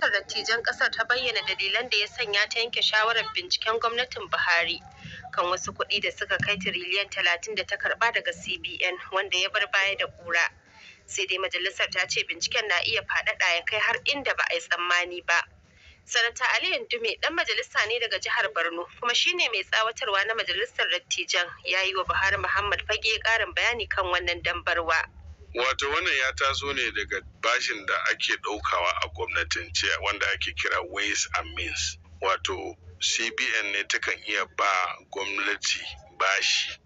Majalisar Dattijan Ƙasar ta bayyana dalilan da ya sanya ta yanke shawarar binciken gwamnatin Buhari kan wasu kuɗi da suka kai tiriliyan talatin da ta karɓa daga CBN wanda ya bar baya da ƙura. Sai dai majalisar ta ce binciken na iya faɗaɗa ya kai har inda ba a yi tsammani ba. Sanata Ali Yandume ɗan majalisa ne daga jihar Borno kuma shi ne mai tsawatarwa na majalisar dattijan ya yi wa Buhari Muhammad fage ƙarin bayani kan wannan dambarwa. wato wannan ya taso ne daga bashin da ake ɗaukawa a gwamnatance wanda ake kira ways and means wato cbn ne takan iya ba gwamnati bashi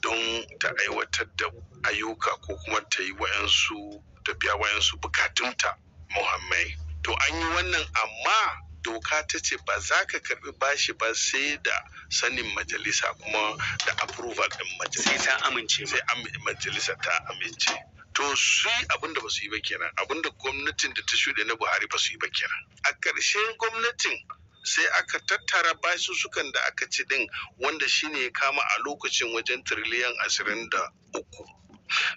don ta aiwatar da ayyuka ko kuma ta yi wa'yansu tafiya wa'yansu bukatunta muhammai to an yi wannan amma doka ta ce ba za ka karbi bashi ba sai da sanin majalisa kuma da approval din majalisa sai ta amince sai majalisa ta amince to su yi abin da ba su yi ba kenan abin da gwamnatin da ta shuɗe na buhari ba su yi ba kenan a ƙarshen gwamnatin sai aka tattara basussukan da aka ci din wanda shine ya kama a lokacin wajen tiriliyan ashirin da uku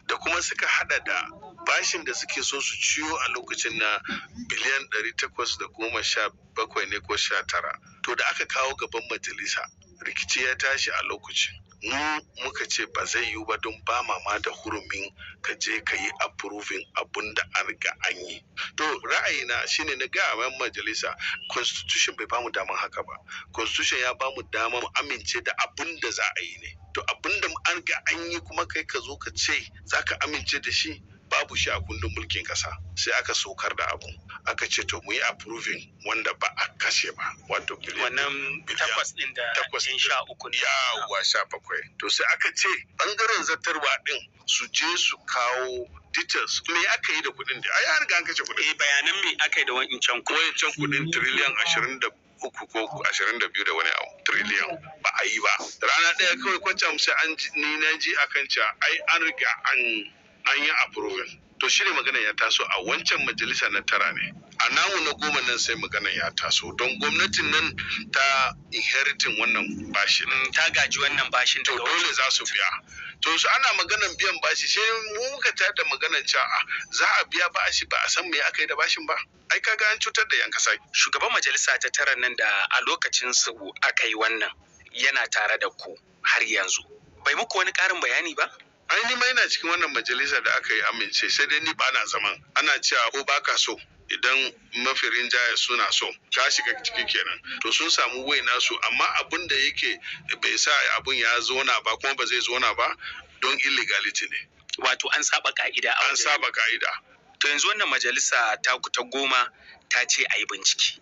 da kuma suka hada da bashin da suke so su ciwo a lokacin na biliyan ɗari takwas da goma sha bakwai ne ko sha tara to da aka kawo gaban majalisa rikici ya tashi a lokacin mu muka ce ba zai yiwu ba don ba ma da hurumin ka je ka yi approving abun da an ga an yi to ra'ayina shine na ga a majalisa constitution bai bamu daman haka ba constitution ya bamu dama mu amince da abun da za a yi ne to abun da an ga an yi kuma kai ka zo ka ce za ka amince da shi babu shi a kundin mulkin kasa sai aka sokar da abu aka ce to mu yi approving wanda ba a kashe ba wato wannan takwas din da takwas din sha uku ne yawa sha bakwai to sai aka ce bangaren zartarwa din su je su kawo details me aka yi da kuɗin da ai an ga an kashe kuɗin eh bayanan me aka yi da wancan kuɗin wancan kuɗin trillion ashirin da uku ko ashirin da biyu da wani abu trillion ba a yi ba rana ɗaya kawai kwancam sai an ni na ji akan cewa ai an riga an an yi approval to shi magana ya taso a wancan majalisa na tara ne a namu na goma nan sai magana ya taso don gwamnatin nan ta inheritin wannan bashin mm, ta gaji wannan bashin to dole za su biya to su ana maganan biyan bashi sai mu muka tada da maganan cewa ah, za a biya bashi ba a san me aka yi da bashin ba ai kaga an cutar da yan kasa shugaban majalisa ta tara nan da a lokacin su aka yi wannan yana tare da ku har yanzu bai muku wani ƙarin bayani ba aini mai ma cikin wannan majalisa da aka yi amince sai dai ni bana zaman ana cewa ko baka so idan mafirin jaya suna so ka shiga ciki kenan to sun samu wai nasu amma abin da yake bai sa abun ya zona ba kuma ba zai zona ba don illegality ne wato an saba ka'ida an saba ka'ida to yanzu wannan majalisa ta ta goma ta ce a yi bincike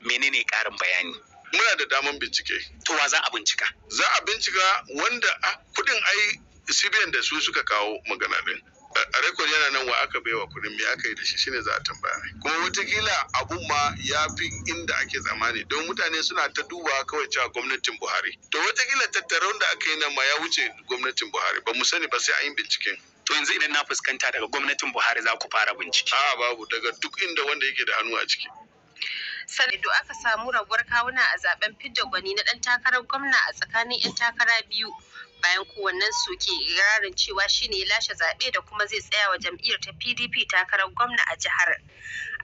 menene ƙarin bayani muna da daman bincike to wa za a bincika za a bincika wanda kudin ai cbn da su suka kawo magana din a rekod yana nan wa aka baiwa kudin me aka yi da shi shine za a tambaya kuma watakila abun ma ya fi inda ake zamani don mutane suna ta duba kawai cewa gwamnatin buhari to watakila tattaron da aka yi nan ma ya wuce gwamnatin buhari ba mu sani ba sai an yi binciken to yanzu idan na fuskanta daga gwamnatin buhari za ku fara bincike a babu daga duk inda wanda yake da hannu a ciki sanadu aka samu raguwar kawuna a zaben fidda gwani na dan takarar gwamna a tsakanin yan takara biyu bayan kowannen su ke irarin cewa shine ya lashe zaɓe da kuma zai tsaya wa jam'iyyar ta PDP takarar gwamna a jihar.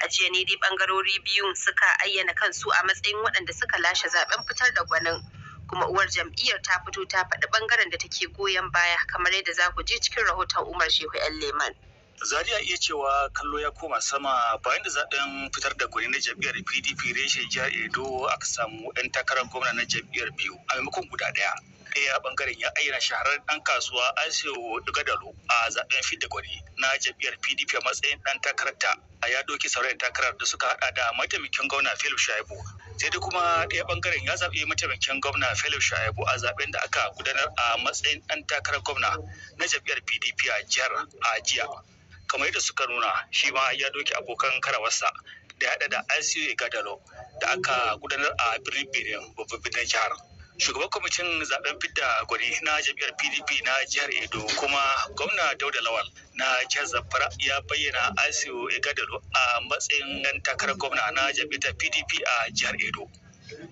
A jiya ne dai bangarori biyun suka ayyana kansu a matsayin waɗanda suka lashe zaɓen fitar da gwanin. Kuma uwar jam'iyyar ta fito ta faɗi bangaren da take goyon baya kamar yadda za ku je cikin rahoton Umar Shehu 'yan Leman. Zaria iya cewa kallo ya koma sama bayan da zaɓen fitar da gwani na jam'iyyar PDP reshen jihar Edo aka samu 'yan takarar gwamna na jam'iyyar biyu a maimakon guda ɗaya. kai a bangaren ya ayyana shahararren dan kasuwa Asiyo Gadalo a zaben fidda gwani na jam'iyyar PDP a matsayin dan takararta a ya doki sauran takarar da suka haɗa da mataimakin gwamna Philip Shaibu sai da kuma ɗaya bangaren ya zaɓi mataimakin gwamna Philip Shaibu a zaben da aka gudanar a matsayin ɗan takarar gwamna na jam'iyyar PDP a jihar a jiya kamar yadda suka nuna shi ma ya doki abokan karawarsa da ya hada da ICU Gadalo da aka gudanar a birnin Benin babban birnin jihar. shugaban kwamitin zaben fidda gwani na jam'iyyar pdp na jihar edo kuma gwamna dauda lawal na jihar zamfara ya bayyana asiyo igadalo a matsayin nan takarar gwamna na jam'iyyar pdp a jihar edo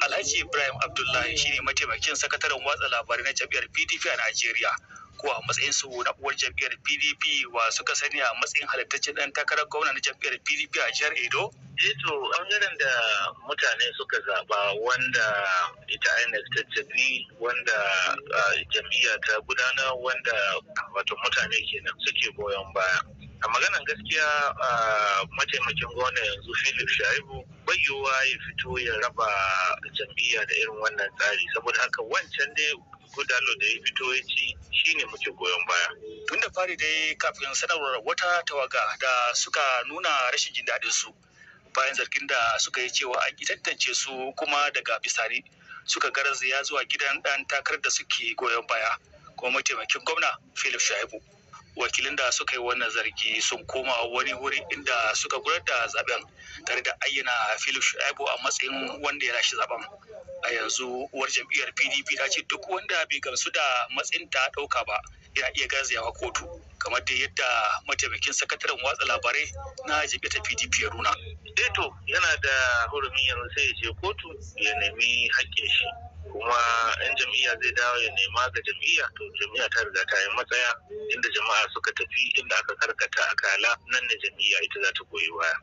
alhaji ibrahim abdullahi shine mataimakin sakataren watsa labarai na Jami'ar pdp a najeriya ko a matsayin su na uwar jam'iyyar PDP wa suka sani a matsayin halittacin dan takarar gwamna na jam'iyyar PDP a jihar Edo? Eto eh bangaren da mutane suka zaba wanda ita INEC ta wanda jam'iyya ta gudana wanda wato mutane kenan suke goyon baya. A maganan gaskiya mataimakin gwamna yanzu Philip Shaibu bai yiwuwa ya fito ya raba jam'iyya da irin wannan tsari saboda haka wancan dai ko da ya fito ya ci shine muke goyon baya. Tun da fari dai kafin sanarwar wata tawaga da suka nuna rashin jin daɗin su bayan zargin da suka yi cewa an tantance su kuma daga bisani suka garzaya zuwa gidan ɗan takarar da suke goyon baya kuma mataimakin gwamna Philip Shaibu. wakilin da suka yi wannan zargi sun koma wani wuri inda suka gudanar da zaben tare da ayyana Philip Shu'aibu a matsayin wanda ya lashe zaben a yanzu uwar jam'iyyar pdp ta ce duk wanda bai gamsu da matsin ta ɗauka ba ya iya gazawa kotu kamar da yadda mataimakin sakataren watsa labarai na jam'iyyar pdp ya runa deto eh yana da hurumin yanzu sai ya je kotu ya nemi haƙƙin shi kuma yan jam'iyya zai dawo ya nema ga jam'iyya to jam'iyya ta riga ta yi matsaya inda jama'a suka tafi inda aka karkata akala nan ne jam'iyya ita za ta goyi waya.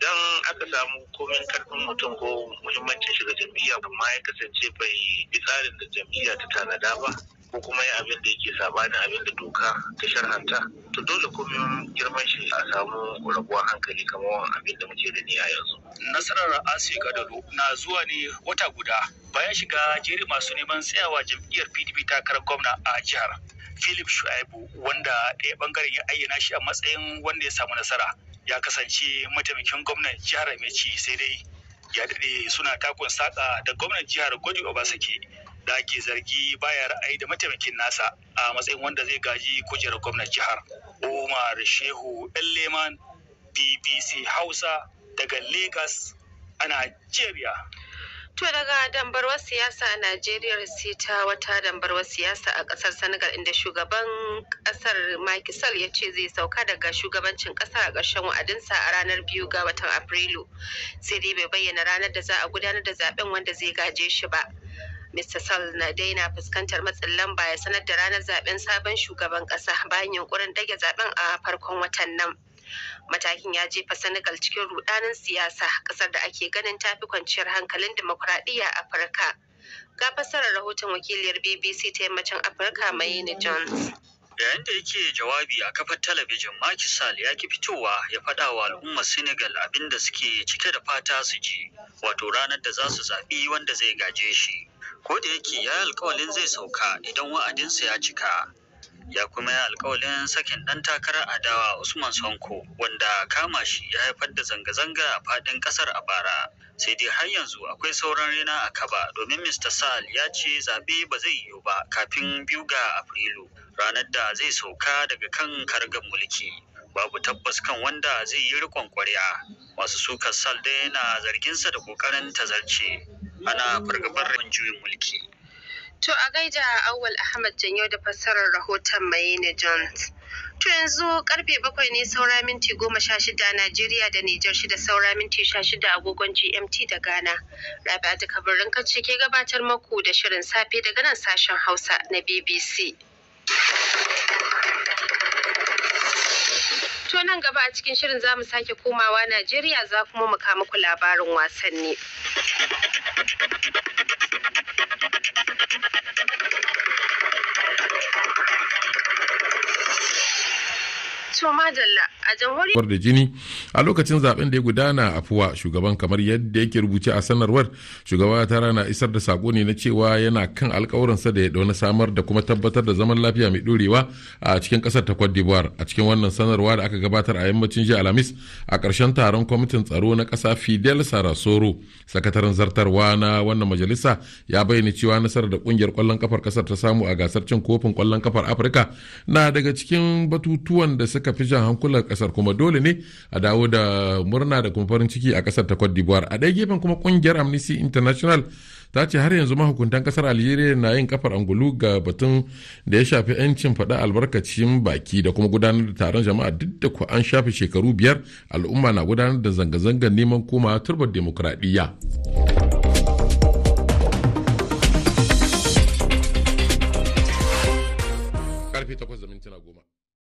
idan aka samu komin karfin mutum ko muhimmancin shiga jam'iyya amma ya kasance bai yi tsarin da jam'iyya ta tanada ba ko kuma ya abin da yake sabani abin da doka ta sharhanta to dole komin girman shi a samu rabuwar hankali kamar abin da muke da ni a yanzu nasarar asi gadalo na zuwa ne wata guda bayan shiga jeri masu neman tsayawa jam'iyyar pdp takarar gwamna a jihar philip shuaibu wanda ɗaya ɓangaren ya ayyana shi a matsayin wanda ya samu nasara ya kasance mataimakin gwamnan jihar mai sai dai ya daɗe suna takon saƙa da gwamnan jihar Godi Obasake da ake zargi baya ra'ayi da mataimakin nasa a matsayin wanda zai gaji kujerar gwamnan jihar. Umar Shehu Leman BBC Hausa daga Lagos a Najeriya. To daga dambarwar siyasa a Najeriya sai ta wata dambarwar siyasa a ƙasar Senegal inda shugaban ƙasar Macky Sall ya ce zai sauka daga shugabancin ƙasa a ƙarshen wa'adinsa a ranar biyu ga watan Afrilu. Sai dai bai bayyana ranar da za a gudanar da zaben wanda zai gaje shi ba. Mr. Sall na daina fuskantar matsin lamba ya sanar da ranar zaben sabon shugaban ƙasa bayan yunkurin dage zaben a farkon watan nan. matakin ya jefa senegal cikin rudanin siyasa kasar da ake ganin tafi kwanciyar hankalin demokuraɗiyya a afirka ga fassarar rahoton wakiliyar bbc ta yammacin afirka mai jones yayin da yake jawabi a kafar talabijin makisal Sall ya ki fitowa ya faɗa wa al'ummar Senegal abin da suke cike da fata su ji wato ranar da za su zaɓi wanda zai gaje shi ko da yake ya alkawalin zai sauka idan wa'adinsa ya cika ya kuma yi alkawalin sakin ɗan takarar adawa Usman Sanko wanda kama shi ya haifar da zanga-zanga a faɗin ƙasar a bara. Sai dai har yanzu akwai sauran rina a kaba domin Mr. Sal ya ce zaɓe ba zai yiwu ba kafin biyu ga Afrilu ranar da zai sauka daga kan kargan mulki. Babu tabbas kan wanda zai yi rikon ƙwarya. Masu sukar Sal dai na zarginsa da ƙoƙarin tazarce. Ana fargabar juyin mulki. To a gaida Auwal Ahmad Janyo da fassarar rahoton Mayene Jones. To yanzu karfe bakwai ne saura minti goma sha shida Najeriya da Nijar shida saura minti sha shida agogon GMT da Ghana. Rabi'a ta kabarin kacce ke gabatar maku da shirin safe daga nan sashen Hausa na BBC. To nan gaba a cikin shirin za mu sake komawa Najeriya za kuma mu muku labarin wasanni. to majalla a jamhuriyar da jini a lokacin zaben da ya gudana a fuwa shugaban kamar yadda yake rubuce a sanarwar shugaba ya tara na isar da sako ne na cewa yana kan alkawarinsa da ya dauna samar da kuma tabbatar da zaman lafiya mai dorewa a cikin kasar ta cote d'ivoire a cikin wannan sanarwa da aka gabatar a yammacin jiya alhamis a karshen taron kwamitin tsaro na kasa fidel sarasoro sakataren zartarwa na wannan majalisa ya bayyana cewa nasarar da kungiyar kwallon kafar kasar ta samu a gasar cin kofin kwallon kafar afirka na daga cikin batutuwan da suka fi jan hankulan kasar kuma dole ne a dawo dawo da murna da kuma farin ciki a kasar ta Cote d'Ivoire a ɗaya gefen kuma kungiyar Amnesty International ta ce har yanzu mahukuntan kasar Algeria na yin kafar angulu ga batun da ya shafi 'yancin faɗa albarkacin baki da kuma gudanar da taron jama'a duk da ku an shafe shekaru biyar al'umma na gudanar da zanga-zangar neman komawa turbar demokradiyya.